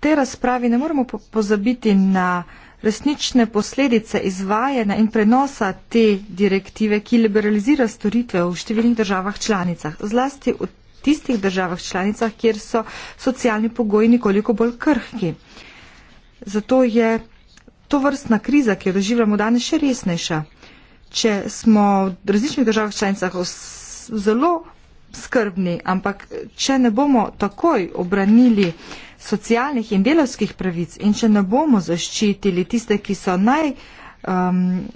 Te razpravi ne moremo pozabiti na resnične posledice izvajanja in prenosa te direktive, ki liberalizira storitve v številnih državah članicah, zlasti v tistih državah članicah, kjer so socialni pogoji nekoliko bolj krhki. Zato je to vrstna kriza, ki jo doživljamo danes, še resnejša. Če smo v različnih državah članicah zelo skrbni, ampak če ne bomo takoj obranili socialnih in delovskih pravic in če ne bomo zaščitili tiste, ki so naj. Um,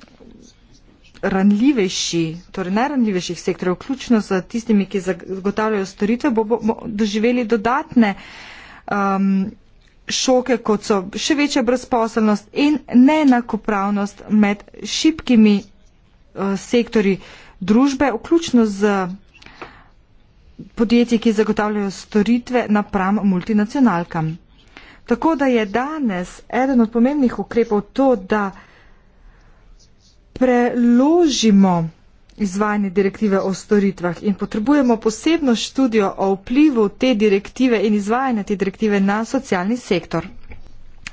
ranljivejši, torej najranljivejših sektorjev, vključno z tistimi, ki zagotavljajo storitve, bomo doživeli dodatne um, šoke, kot so še večja brezposelnost in neenakopravnost med šipkimi uh, sektorji uh, družbe, vključno z podjetji, ki zagotavljajo storitve napram multinacionalkam. Tako da je danes eden od pomembnih ukrepov to, da preložimo izvajanje direktive o storitvah in potrebujemo posebno študijo o vplivu te direktive in izvajanja te direktive na socialni sektor.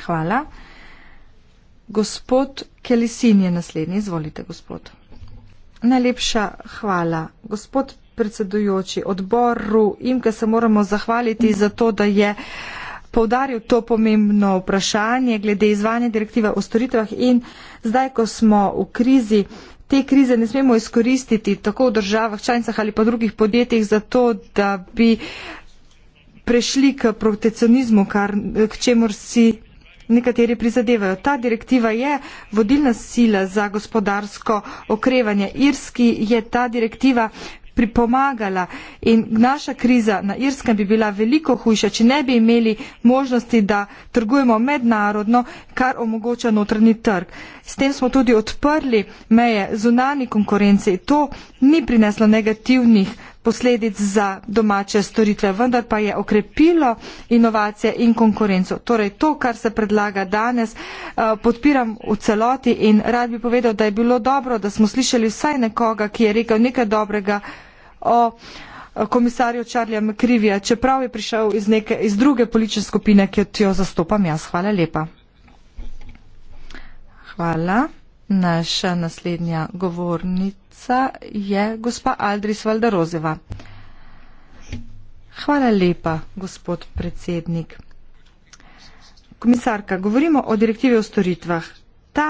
Hvala. Gospod Kelisin je naslednji. Izvolite, gospod. Najlepša hvala. Gospod predsedujoči, odboru IMKE se moramo zahvaliti za to, da je povdaril to pomembno vprašanje glede izvanja direktive o storitvah in zdaj, ko smo v krizi, te krize ne smemo izkoristiti tako v državah, članicah ali pa drugih podjetjih za to, da bi prešli k protekcionizmu, kar, k čemur si nekateri prizadevajo. Ta direktiva je vodilna sila za gospodarsko okrevanje. Irski je ta direktiva pripomagala in naša kriza na Irskem bi bila veliko hujša, če ne bi imeli možnosti, da trgujemo mednarodno, kar omogoča notrni trg. S tem smo tudi odprli meje zunani konkurenci. To ni prineslo negativnih posledic za domače storitve, vendar pa je okrepilo inovacije in konkurenco. Torej, to, kar se predlaga danes, eh, podpiram v celoti in rad bi povedal, da je bilo dobro, da smo slišali vsaj nekoga, ki je rekel nekaj dobrega o eh, komisarju Čarlija Mekrivija, čeprav je prišel iz, neke, iz druge politične skupine, ki jo zastopam jaz. Hvala lepa. Hvala. Naša naslednja govornica je gospa Aldris Valdarozeva. Hvala lepa, gospod predsednik. Komisarka, govorimo o direktivi o storitvah. Ta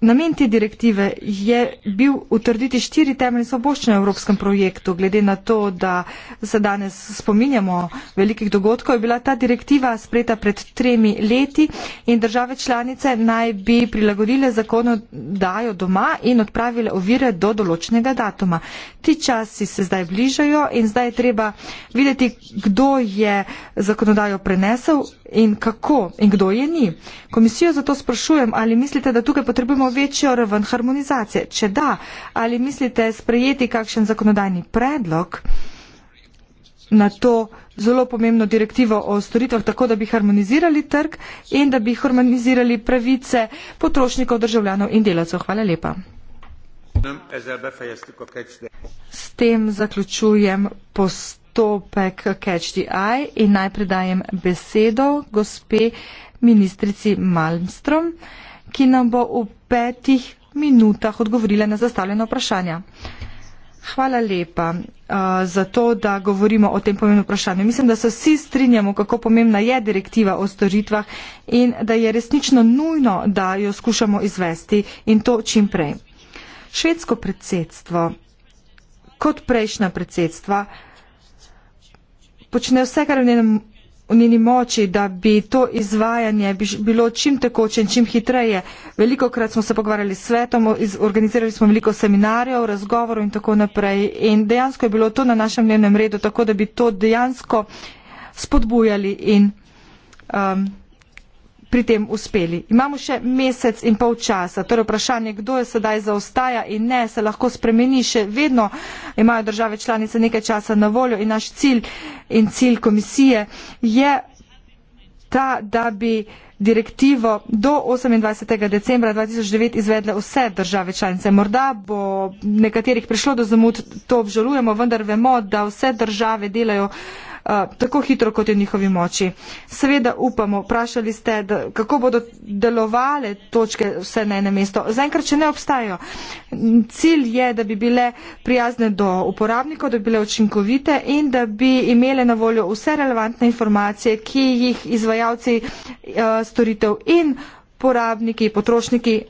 Namen te direktive je bil utrditi štiri temeljne svoboščine v evropskem projektu. Glede na to, da se danes spominjamo velikih dogodkov, je bila ta direktiva spreta pred tremi leti in države članice naj bi prilagodile zakonodajo doma in odpravile ovire do določnega datuma. Ti časi se zdaj bližajo in zdaj je treba videti, kdo je zakonodajo prenesel in kako in kdo je ni. Komisijo zato sprašujem, ali mislite, da tukaj potrebujemo večjo raven harmonizacije. Če da, ali mislite sprejeti kakšen zakonodajni predlog na to zelo pomembno direktivo o storitvah, tako da bi harmonizirali trg in da bi harmonizirali pravice potrošnikov, državljanov in delavcev? Hvala lepa. S tem zaključujem postopek Catch the Eye in najpredajem besedo gospe ministrici Malmstrom ki nam bo v petih minutah odgovorila na zastavljeno vprašanje. Hvala lepa uh, za to, da govorimo o tem pomembnem vprašanju. Mislim, da se vsi strinjamo, kako pomembna je direktiva o storitvah in da je resnično nujno, da jo skušamo izvesti in to čim prej. Švedsko predsedstvo, kot prejšnja predsedstva, počne vse, kar v njenem v njeni moči, da bi to izvajanje bilo čim tekoče in čim hitreje. Veliko krat smo se pogovarjali s svetom, organizirali smo veliko seminarjev, razgovorov in tako naprej. In dejansko je bilo to na našem dnevnem redu, tako da bi to dejansko spodbujali in um, pri tem uspeli. Imamo še mesec in pol časa, torej vprašanje, kdo je sedaj zaostaja in ne, se lahko spremeni, še vedno imajo države članice nekaj časa na voljo in naš cilj in cilj komisije je ta, da bi direktivo do 28. decembra 2009 izvedle vse države članice. Morda bo nekaterih prišlo do zamud, to obžalujemo, vendar vemo, da vse države delajo uh, tako hitro, kot je njihovi moči. Seveda upamo, vprašali ste, da, kako bodo delovale točke vse na enem mestu. Zaenkrat, če ne obstajajo, cilj je, da bi bile prijazne do uporabnikov, da bi bile učinkovite in da bi imele na voljo vse relevantne informacije, ki jih izvajalci uh, storitev in porabniki, potrošniki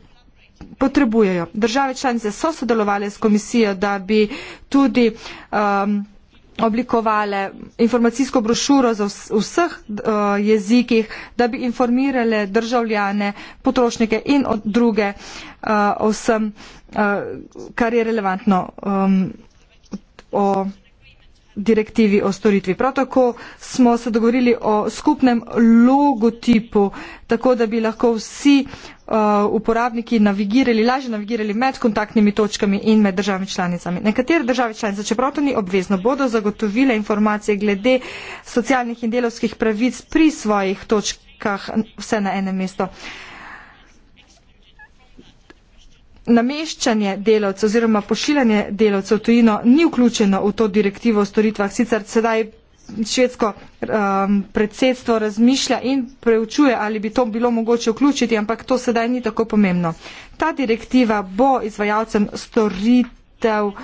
potrebujejo. Države članice so sodelovali s komisijo, da bi tudi um, oblikovale informacijsko brošuro za vseh eh, jezikih, da bi informirale državljane, potrošnike in od druge eh, vsem, eh, kar je relevantno ehm, o vsem direktivi o storitvi. Prav tako smo se dogovorili o skupnem logotipu, tako da bi lahko vsi uh, uporabniki navigirali, lažje navigirali med kontaktnimi točkami in med državami članicami. Nekatere države članice, čeprav to ni obvezno, bodo zagotovile informacije glede socialnih in delovskih pravic pri svojih točkah vse na enem mestu. Uh, nameščanje delavcev oziroma pošiljanje delavcev tujino ni vključeno v to direktivo o storitvah, sicer sedaj švedsko um, predsedstvo razmišlja in preučuje, ali bi to bilo mogoče vključiti, ampak to sedaj ni tako pomembno. Ta direktiva bo izvajalcem storitev uh,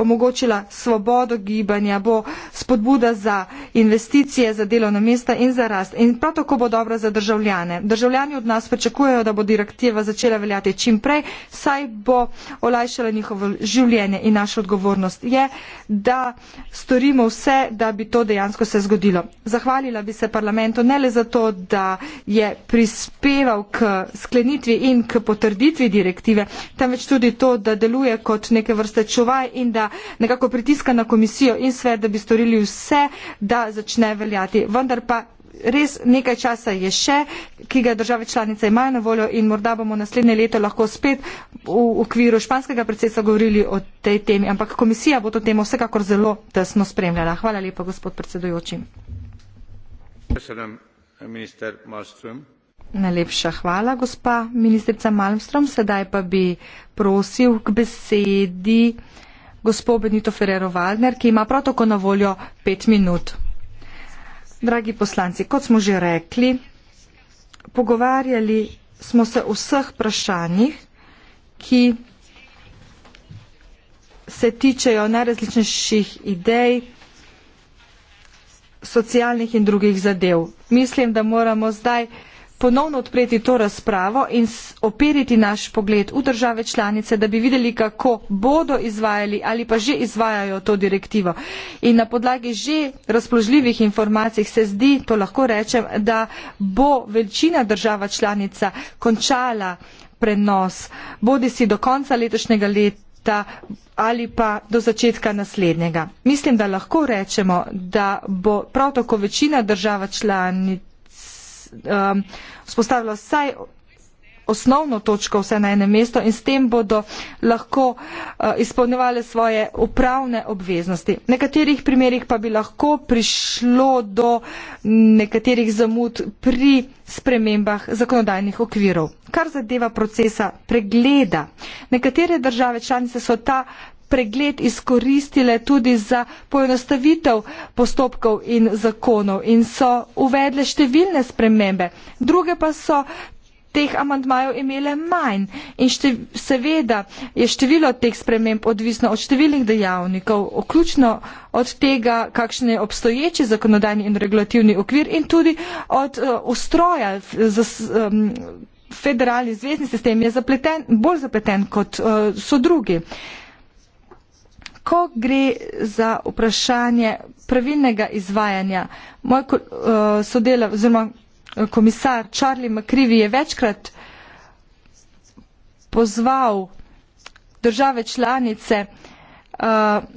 omogočila svobodo gibanja, bo spodbuda za investicije, za delovna mesta in za rast. In prav tako bo dobra za državljane. Državljani od nas pričakujejo, da bo direktiva začela veljati čim prej, saj bo olajšala njihovo življenje in naša odgovornost je, da storimo vse, da bi to dejansko se zgodilo. Zahvalila bi se parlamentu ne le zato, da je prispeval k sklenitvi in k potrditvi direktive, temveč tudi to, da deluje kot neke vrste čuvaj in da nekako pritiska na komisijo in svet, da bi storili vse, da začne veljati. Vendar pa res nekaj časa je še, ki ga države članice imajo na voljo in morda bomo naslednje leto lahko spet v okviru španskega predsedstva govorili o tej temi. Ampak komisija bo to temo vsekakor zelo tesno spremljala. Hvala lepa, gospod predsedujoči. Najlepša hvala, gospa ministrica Malmström. Sedaj pa bi prosil k besedi gospo Benito Ferrero Waldner, ki ima prav tako na voljo pet minut. Dragi poslanci, kot smo že rekli, pogovarjali smo se o vseh vprašanjih, ki se tičejo najrazličnejših idej, socialnih in drugih zadev. Mislim, da moramo zdaj ponovno odpreti to razpravo in operiti naš pogled v države članice, da bi videli, kako bodo izvajali ali pa že izvajajo to direktivo. In na podlagi že razpoložljivih informacij se zdi, to lahko rečem, da bo večina država članica končala prenos, bodi si do konca letošnjega leta ali pa do začetka naslednjega. Mislim, da lahko rečemo, da bo prav tako večina država članic um, spostavilo vsaj osnovno točko vse na enem mestu in s tem bodo lahko uh, izpolnjevali svoje upravne obveznosti. V nekaterih primerjih pa bi lahko prišlo do nekaterih zamud pri spremembah zakonodajnih okvirov. Kar zadeva procesa pregleda, nekatere države članice so ta pregled izkoristile tudi za poenostavitev postopkov in zakonov in so uvedle številne spremembe. Druge pa so teh amantmajev imele manj in štev, seveda je število teh sprememb odvisno od številnih dejavnikov, vključno od tega, kakšen je obstoječi zakonodajni in regulativni okvir in tudi od uh, ustroja. Z, um, federalni zvezdni sistem je zapleten, bolj zapleten kot uh, so drugi. Uh, ko gre za vprašanje pravilnega izvajanja, moj uh, eh, sodelav, oziroma eh, komisar Charlie McCrivi je večkrat pozval države članice, uh,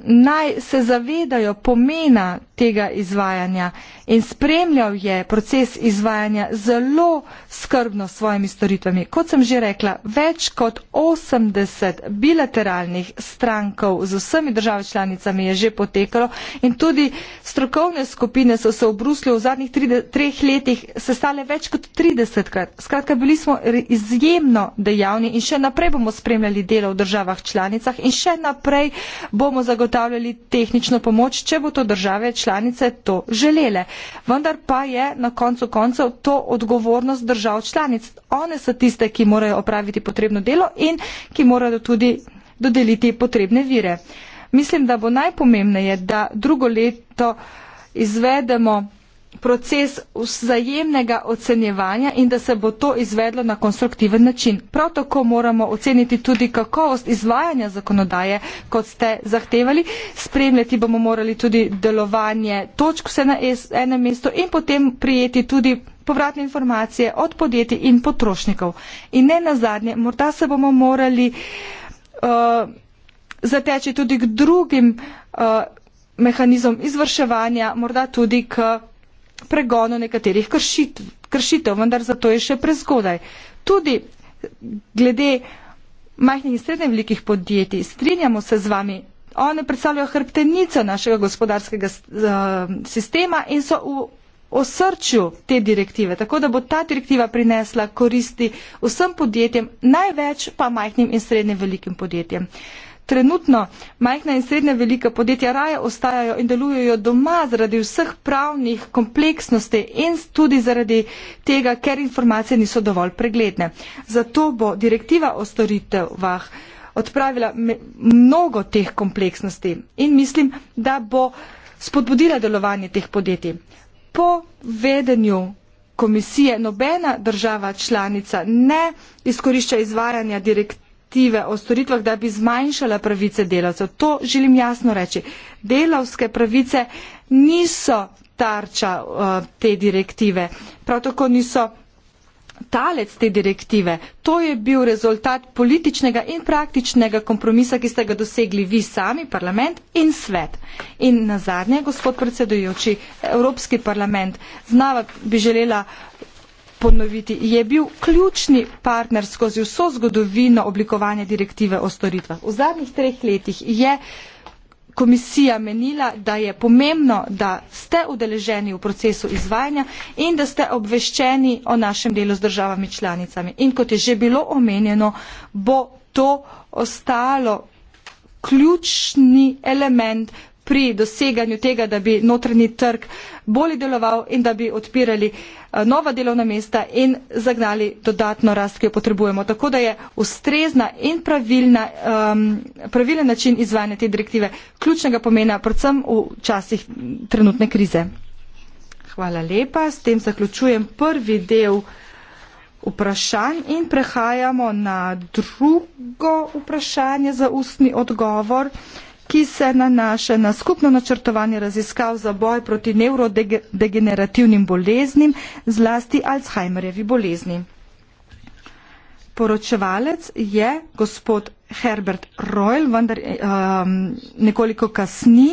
naj se zavedajo pomena tega izvajanja in spremljal je proces izvajanja zelo skrbno s svojimi storitvami. Kot sem že rekla, več kot 80 bilateralnih strankov z vsemi državami članicami je že potekalo in tudi strokovne skupine so se v Bruslju v zadnjih treh letih sestale več kot 30 krat. Skratka, bili smo izjemno dejavni in še naprej bomo spremljali delo v državah članicah in še naprej bomo zagotavljali tehnično pomoč, če bo to države članice to želele. Vendar pa je na koncu koncev to odgovornost držav članic. One so tiste, ki morajo opraviti potrebno delo in ki morajo tudi dodeliti potrebne vire. Mislim, da bo najpomembneje, da drugo leto izvedemo proces vzajemnega ocenjevanja in da se bo to izvedlo na konstruktiven način. Prav tako moramo oceniti tudi kakovost izvajanja zakonodaje, kot ste zahtevali. Spremljati bomo morali tudi delovanje točk vse na enem mestu in potem prijeti tudi povratne informacije od podjetij in potrošnikov. In ne nazadnje, morda se bomo morali uh, zateči tudi k drugim uh, mehanizmom izvrševanja, morda tudi k pregonu nekaterih kršit, kršitev, vendar zato je še prezgodaj. Tudi glede majhnih in srednje velikih podjetij, strinjamo se z vami, one predstavljajo hrbtenico našega gospodarskega sistema in so v osrčju te direktive, tako da bo ta direktiva prinesla koristi vsem podjetjem, največ pa majhnim in srednje velikim podjetjem. Uh, trenutno majhna in srednja velika podjetja raje ostajajo in delujejo doma zaradi vseh pravnih kompleksnosti in tudi zaradi tega, ker informacije niso dovolj pregledne. Zato bo direktiva o storitevah odpravila mnogo teh kompleksnosti in mislim, da bo spodbudila delovanje teh podjetij. Po vedenju komisije nobena država članica ne izkorišča izvajanja direktiv direktive o storitvah, da bi zmanjšala pravice delavcev. To želim jasno reči. Delavske pravice niso tarča uh, te direktive. Prav tako niso talec te direktive. To je bil rezultat političnega in praktičnega kompromisa, ki ste ga dosegli vi sami, parlament in svet. In na zadnje, gospod predsedujoči, Evropski parlament, znava bi želela ponoviti, je bil ključni partner skozi vso zgodovino oblikovanja direktive o storitvah. V zadnjih treh letih je komisija menila, da je pomembno, da ste udeleženi v procesu izvajanja in da ste obveščeni o našem delu z državami članicami. In kot je že bilo omenjeno, bo to ostalo ključni element pri doseganju tega, da bi notrni trg bolje deloval in da bi odpirali eh, nova delovna mesta in zagnali dodatno rast, ki jo potrebujemo. Tako da je ustrezna in pravilna, um, pravilen način izvajanja te direktive ključnega pomena, predvsem v časih trenutne krize. Hvala lepa. S tem zaključujem prvi del vprašanj in prehajamo na drugo vprašanje za ustni odgovor. Uh, ki se nanaša na skupno načrtovanje raziskav za boj proti nevrodegenerativnim boleznim, zlasti Alzheimerjevi bolezni. Poročevalec je gospod Herbert Royal, vendar um, nekoliko kasni.